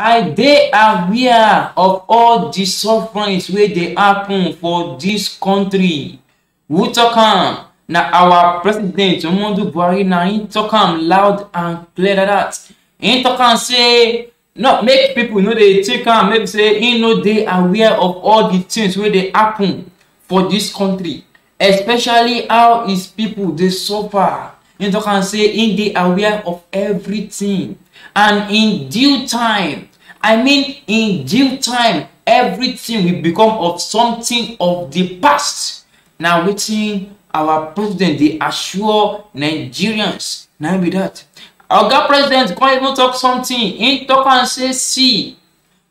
i dey aware of all di sufferings wey dey happen for dis kontri who tok am na our president muhammadu buhari na im tok am loud and clear like dat im tok am say no make pipo no dey take am maybe say im no dey aware of all di tins wey dey happen for dis kontri especially how his pipo dey suffer im tok am say im dey aware of everything and in due time I mean, in due time, everything will become of something of the past. Now, waiting our president, they assure Nigerians. Now be that. Oga president can't even talk something. He talk and say, see,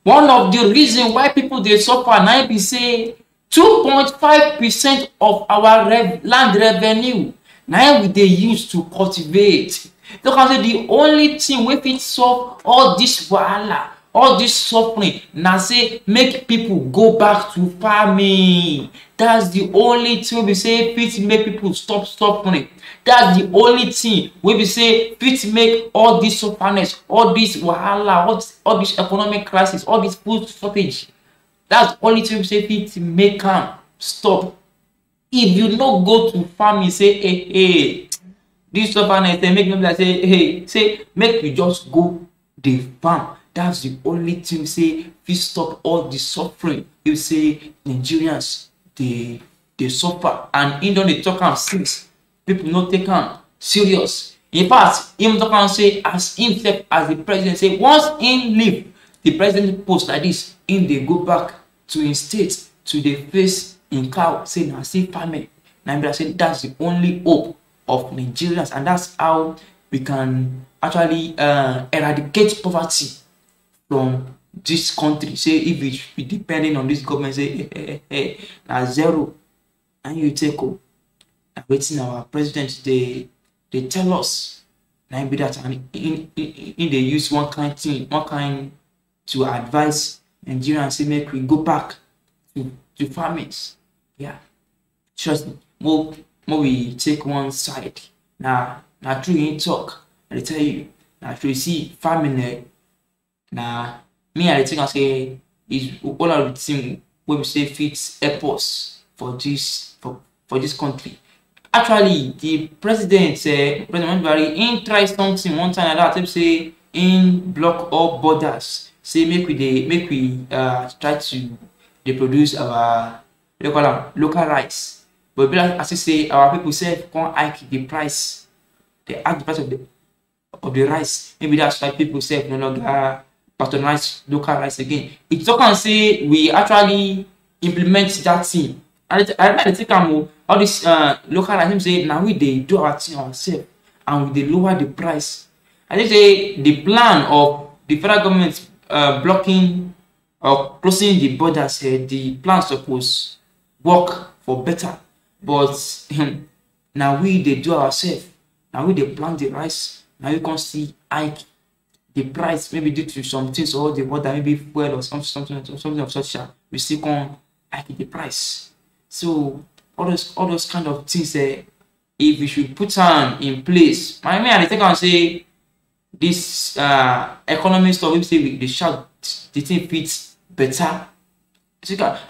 one of the reason why people they suffer now be say 2.5% of our rev land revenue now we they use to cultivate. Talk and say the only thing we can solve all this wahala all this suffering na say make people go back to farming that's the only thing wey be say fit make people stop suffering that's the only thing wey be say fit make all this suffering, all this wahala all this, all this economic crisis all this food shortage that's the only thing wey be say fit make am stop if you no go to farming say hey hey this suffering, dey eh, make me be like say hey say make you just go dey farm that's the only thing say fit stop all the suffering wey say nigerians dey dey suffer and im don dey talk am since people no take am serious in fact im talk am say as himself as the president say once im leave the president post like this im dey go back to im state to dey face im cow say na still farming na be like say that's the only hope of nigerians and that's how we can actually uh, eradicate poverty from this country say if we be depending on this government say eh eh eh, eh na zero na you take o na wetin our president dey dey tell us na be that and im dey use one kind thing one kind to advise nigerians say make we go back to to farmings yeah trust me more mo we take one side na na true im talk i dey tell you na true see farming eh Now, me and the thing I say is all of the thing we we say fits help us for this for for this country. Actually the president say, eh, President vary, in try something one time like dat he say in block all borders say make we make we uh, try to reproduce produce our local local rice but as you say our people say, come hike the price they hike the price of the of the rice maybe that's why people say no longer patronize localize again it talk am say we actually implement that thing and i remember the take am o all this uh, localize him say na we dey do our thing ourselves and we dey lower the price i think say the plan of the federal government uh, blocking or closing the borders uh, the plan suppose work for better but um, na we dey do ourselves na we dey plant the rice na we come see hike the price maybe due to some things or the water maybe fuel or some, something something of such that we still can hike the price. So all those all those kind of things uh, if we should put them in place. My man, I think I'll say this uh economy stuff say we, they shout the thing fits better.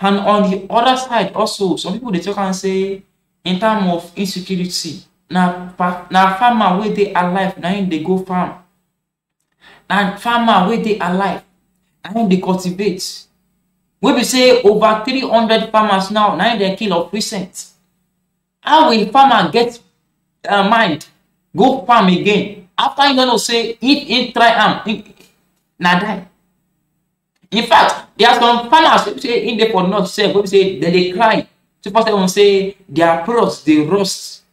And on the other side also some people they talk and say in terms of insecurity now now, farmer wey dey alive now him dey go farm na farmer wey dey alive and him dey cultivate wey be say over three hundred farmers now na him dey kill of recent how will farmer get uh, mind go farm again after him no know say if he try am na die in fact there are some farmers wey say him dey for north sef wey be say dem dey cry super seven say their products dey rust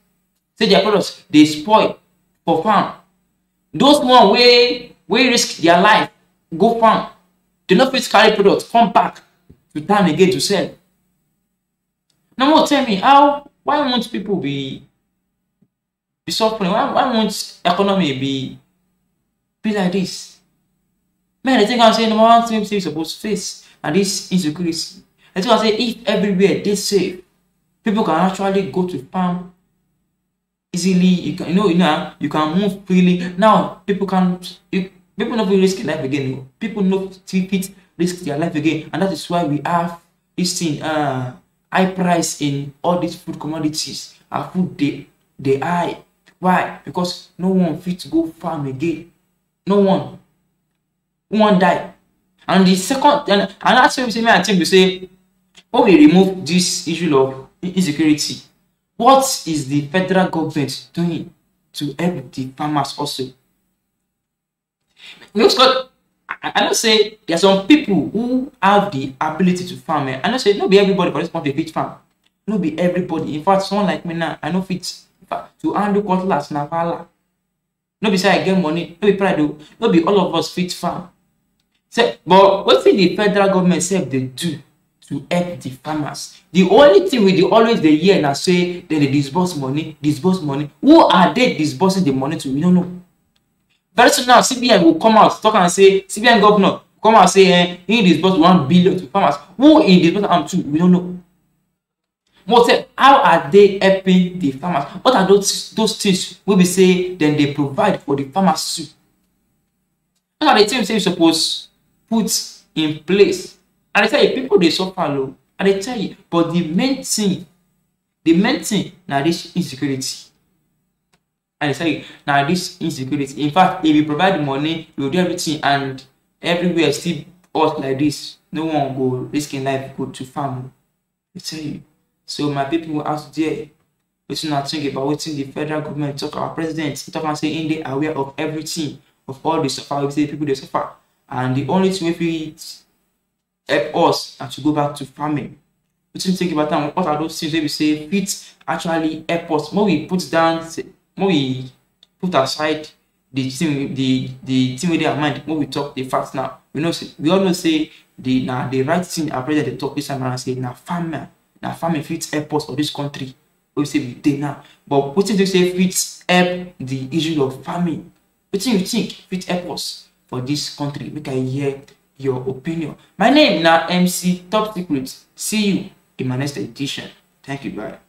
say their products dey spoil for farm those one wey. wey risk their life go farm do not fit carry product come back to town again to sell no more tell me how why won't people be be suffering why why won't economy be be like this man i think i'm saying number one thing we suppose face and this insecurity i think i say if everywhere dey safe people can actually go to farm easily you can you know you know you can move freely now people can you, people not risk their life again oh. people not fit risk their life again and that is why we have this thing uh high price in all these food commodities our food they they high why because no one fit go farm again no one no one die and the second and, and that's why we say me I think we say when we remove this issue of insecurity what is the federal government doing to help the farmers also? Looks like I, I don't say there are some people who have the ability to farm. Eh? I don't say not be everybody correspond to a big farm. Not be everybody. In fact, someone like me now, I know fit to handle cutlass na wahala. No be say I get money, not be pride o, no be all of us fit farm. Say, but what wetin the federal government said they do to help the farmers the only thing we dey always dey hear na say dem dey disburse money disburse money who are they disbursing the money to we no know very soon now cbn go come out talk am say cbn governor come out say eh he disburse one billion to farmers who he disburse am to we no know mo say how are they helping the farmers what are those those things wey be say dem dey provide for the farmers too those are the things say you suppose put in place I tell you, people they suffer low. I tell you, but the main thing, the main thing now this insecurity. I tell you, now this insecurity. In fact, if you provide the money, you do everything, and everywhere still hot like this. No one go risking life go to farm. I tell you. So my people out there, wetin una think about wetin the federal government talk our president talk am say him dey aware of everything of all the suffer wey say people dey suffer and the only thing wey fit help us and to go back to farming. What do you think about that? What are those things that we say fit actually help us? Make we put down, when we put aside the thing, the the thing wey dey our mind. When we talk the facts now. We know we all know say the now the right thing our president the talk this time around say now farming. Now farming fits help us for this country We say we dey now. But what do you say fits help the issue of farming? What do you think fits help us for this country? Make I hear your opinion. My name now MC Top Secret. See you in my next edition. Thank you, bye.